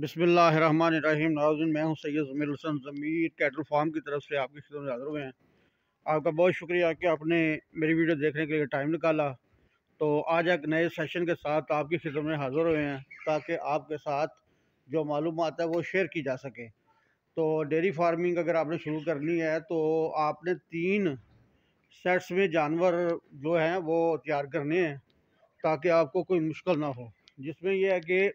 बिसमीम नाजिन मैं हूँ सैयद ज़मीर हसन ज़मीर कैटल फार्म की तरफ से आपकी खिदमत में हाजिर हुए हैं आपका बहुत शुक्रिया कि आपने मेरी वीडियो देखने के लिए टाइम निकाला तो आज एक नए सेशन के साथ आपकी खिदमत में हाज़िर हुए हैं ताकि आपके साथ जो मालूम आता है वो शेयर की जा सके तो डेयरी फार्मिंग अगर आपने शुरू करनी है तो आपने तीन सेट्स में जानवर जो हैं वो तैयार करने हैं ताकि आपको कोई मुश्किल ना हो जिसमें यह है कि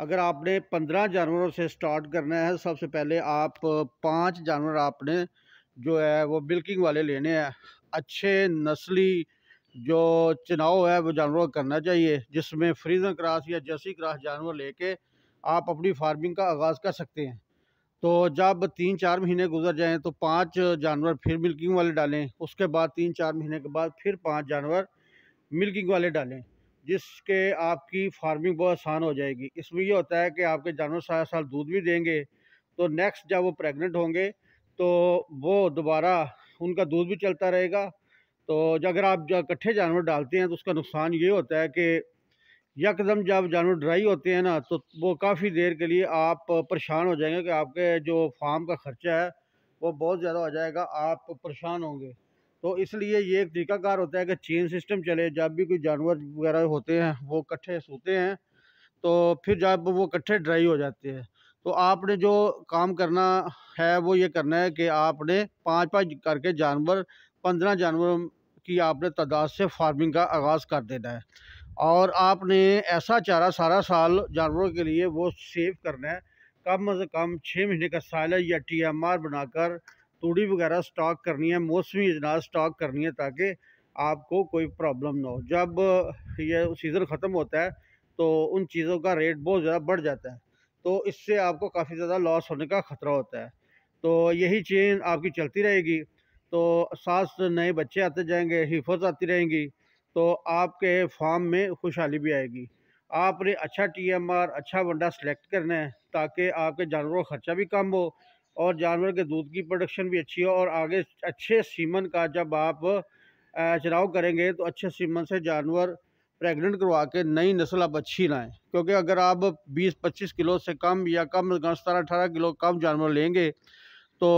अगर आपने पंद्रह जानवरों से स्टार्ट करना है सबसे पहले आप पांच जानवर आपने जो है वो बिल्किंग वाले लेने हैं अच्छे नस्ली जो चुनाव है वो जानवरों का करना चाहिए जिसमें फ्रीजन क्रास या जर्सी क्रास जानवर लेके आप अपनी फार्मिंग का आगाज़ कर सकते हैं तो जब तीन चार महीने गुजर जाएं तो पांच जानवर फिर मिल्किंग वाले डालें उसके बाद तीन चार महीने के बाद फिर पांच जानवर मिल्किंग वाले डालें जिसके आपकी फार्मिंग बहुत आसान हो जाएगी इसमें यह होता है कि आपके जानवर सारा साल दूध भी देंगे तो नेक्स्ट जब वो प्रेग्नेंट होंगे तो वो दोबारा उनका दूध भी चलता रहेगा तो अगर आप इकट्ठे जानवर डालते हैं तो उसका नुकसान ये होता है कि यकदम जब जानवर ड्राई होते हैं ना तो वो काफ़ी देर के लिए आप परेशान हो जाएंगे कि आपके जो फार्म का ख़र्चा है वो बहुत ज़्यादा हो जाएगा आप परेशान होंगे तो इसलिए ये एक तरीकाकार होता है कि चेन सिस्टम चले जब भी कोई जानवर वगैरह होते हैं वो इकट्ठे सोते हैं तो फिर जब वो इकट्ठे ड्राई हो जाते हैं तो आपने जो काम करना है वो ये करना है कि आपने पाँच पाँच करके जानवर पंद्रह जानवरों की आपने तादाद से फार्मिंग का आगाज़ कर देना है और आपने ऐसा चारा सारा साल जानवरों के लिए वो सेव करना है कम अज़ कम छः महीने का सालन या टी एम आर बनाकर तूड़ी वगैरह स्टॉक करनी है मौसमी अजनास स्टॉक करनी है ताकि आपको कोई प्रॉब्लम ना हो जब यह सीज़न ख़त्म होता है तो उन चीज़ों का रेट बहुत ज़्यादा बढ़ जाता है तो इससे आपको काफ़ी ज़्यादा लॉस होने का ख़तरा होता है तो यही चेन आपकी चलती रहेगी तो सास नए बच्चे आते जाएंगे हिफत आती रहेंगी तो आपके फार्म में खुशहाली भी आएगी आपने अच्छा टीएमआर अच्छा वंडा सेलेक्ट करना है ताकि आपके जानवरों का खर्चा भी कम हो और जानवर के दूध की प्रोडक्शन भी अच्छी हो और आगे अच्छे सीमन का जब आप चुनाव करेंगे तो अच्छे सीमन से जानवर प्रेग्नेंट करवा के नई नस्ल आप अच्छी लाएँ क्योंकि अगर आप 20-25 किलो से कम या कम सतारह अठारह किलो कम जानवर लेंगे तो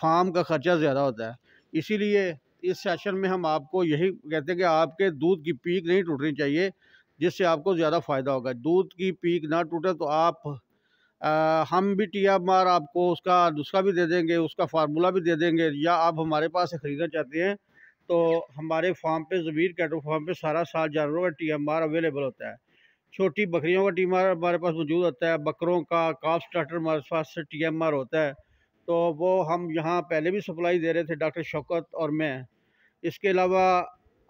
फार्म का ख़र्चा ज़्यादा होता है इसीलिए इस सेशन में हम आपको यही कहते हैं कि आपके दूध की पीक नहीं टूटनी चाहिए जिससे आपको ज़्यादा फ़ायदा होगा दूध की पीक ना टूटे तो आप आ, हम भी टी एम आर आपको उसका दूसरा भी दे देंगे उसका फार्मूला भी दे देंगे या आप हमारे पास से ख़रीदना चाहते हैं तो हमारे फार्म पे ज़मीर कैटो फार्म पे सारा साल जानवरों का टी एम आर अवेलेबल होता है छोटी बकरियों का टी एम आर हमारे पास मौजूद होता है बकरों का काफ स्टार्टर हमारे पास टी एम आर होता है तो वो हम यहाँ पहले भी सप्लाई दे रहे थे डॉक्टर शौकत और मैं इसके अलावा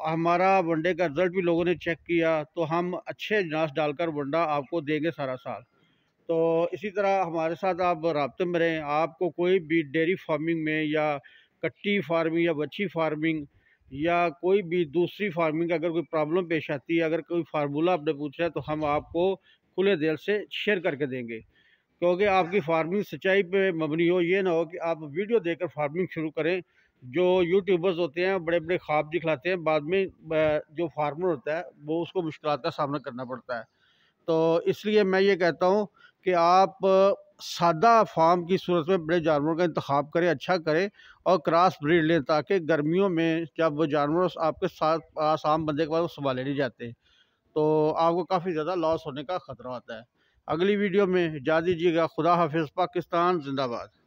हमारा वनडे का रिज़ल्ट भी लोगों ने चेक किया तो हम अच्छे जांच डालकर वनडा आपको देंगे सारा साल तो इसी तरह हमारे साथ आप रबते में रहें आपको कोई भी डेयरी फार्मिंग में या कट्टी फार्मिंग या बच्ची फार्मिंग या कोई भी दूसरी फार्मिंग का अगर कोई प्रॉब्लम पेश आती है अगर कोई फार्मूला आपने पूछा है तो हम आपको खुले दिल से शेयर करके देंगे क्योंकि आपकी फार्मिंग सच्चाई पे मबनी हो ये ना हो कि आप वीडियो देखकर फार्मिंग शुरू करें जो यूट्यूबर्स होते हैं बड़े बड़े ख्वाब दिखलाते हैं बाद में जो फार्मर होता है वो उसको मुश्किल का सामना करना पड़ता है तो इसलिए मैं ये कहता हूँ कि आप सादा फार्म की सूरत में बड़े जानवरों का इंतखब करें अच्छा करें और क्रॉस ब्रीड लें ताकि गर्मियों में जब वो जानवर आपके साथ आसाम बंदे के पास वो संभाले नहीं जाते तो आपको काफ़ी ज़्यादा लॉस होने का ख़तरा होता है अगली वीडियो में जा दीजिएगा खुदा हाफिज़ पाकिस्तान जिंदाबाद